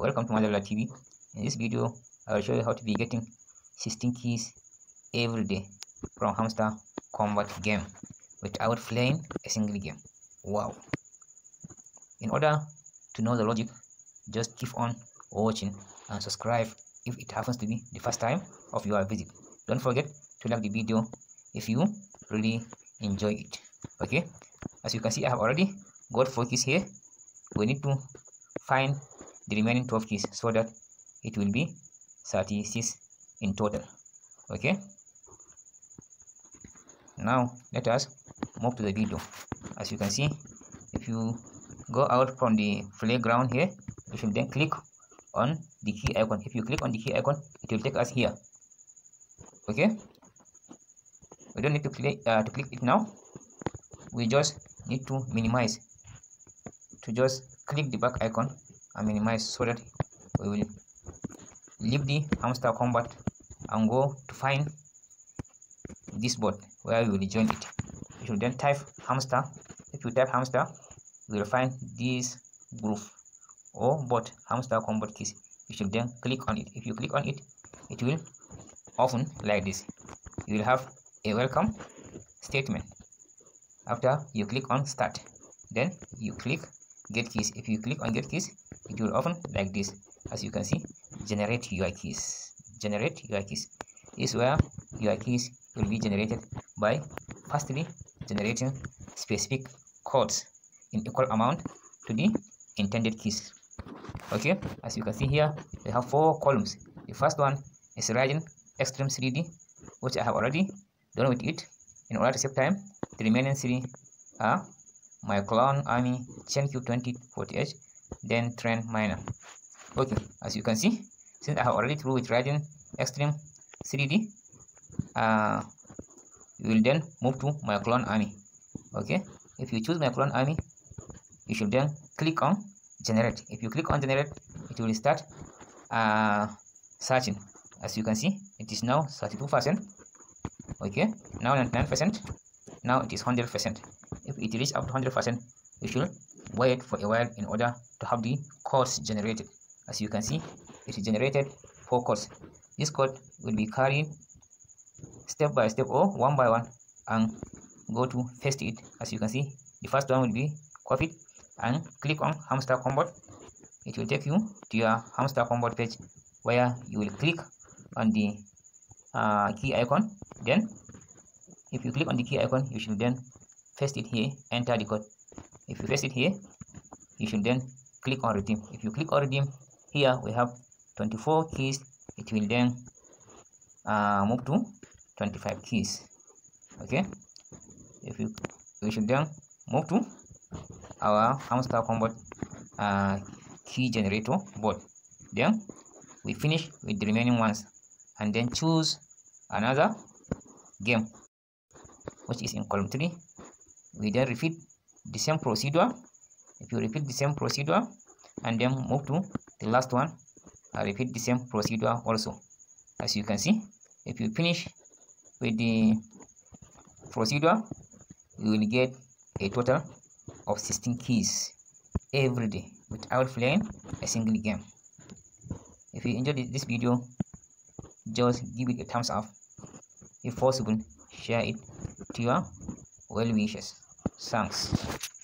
welcome to Madala TV in this video I will show you how to be getting 16 keys every day from hamster combat game without playing a single game wow in order to know the logic just keep on watching and subscribe if it happens to be the first time of your visit don't forget to like the video if you really enjoy it okay as you can see I have already got four keys here we need to find the remaining 12 keys so that it will be 36 in total okay now let us move to the video as you can see if you go out from the playground here you should then click on the key icon if you click on the key icon it will take us here okay we don't need to click uh, to click it now we just need to minimize to just click the back icon and minimize so that we will leave the hamster combat and go to find this bot where we will join it You should then type hamster if you type hamster you will find this group or bot hamster combat keys you should then click on it if you click on it it will open like this you will have a welcome statement after you click on start then you click get keys if you click on get keys it will open like this as you can see generate UI keys generate UI keys is where UI keys will be generated by firstly generating specific codes in equal amount to the intended keys okay as you can see here we have four columns the first one is Raiden Extreme 3D which I have already done with it in order to save time the remaining three are my clone army chain q 2040h then trend minor okay as you can see since i have already through with writing extreme 3d uh you will then move to my clone army okay if you choose my clone army you should then click on generate if you click on generate it will start uh searching as you can see it is now 32 percent okay now 99 percent now it is 100 percent if it reaches up to 100 percent you should wait for a while in order to have the code generated as you can see it is generated four code, this code will be carried step by step or one by one and go to paste it as you can see the first one will be copied and click on hamster combat. it will take you to your hamster combat page where you will click on the uh, key icon then if you click on the key icon you should then paste it here enter the code if you paste it here you should then click on redeem if you click on redeem here we have 24 keys it will then uh, move to 25 keys okay if you we should then move to our hamster Combat uh, key generator board then we finish with the remaining ones and then choose another game which is in column 3 we then repeat the same procedure if you repeat the same procedure and then move to the last one I repeat the same procedure also as you can see if you finish with the procedure you will get a total of 16 keys every day without playing a single game if you enjoyed this video just give it a thumbs up if possible share it to your well wishes Thanks。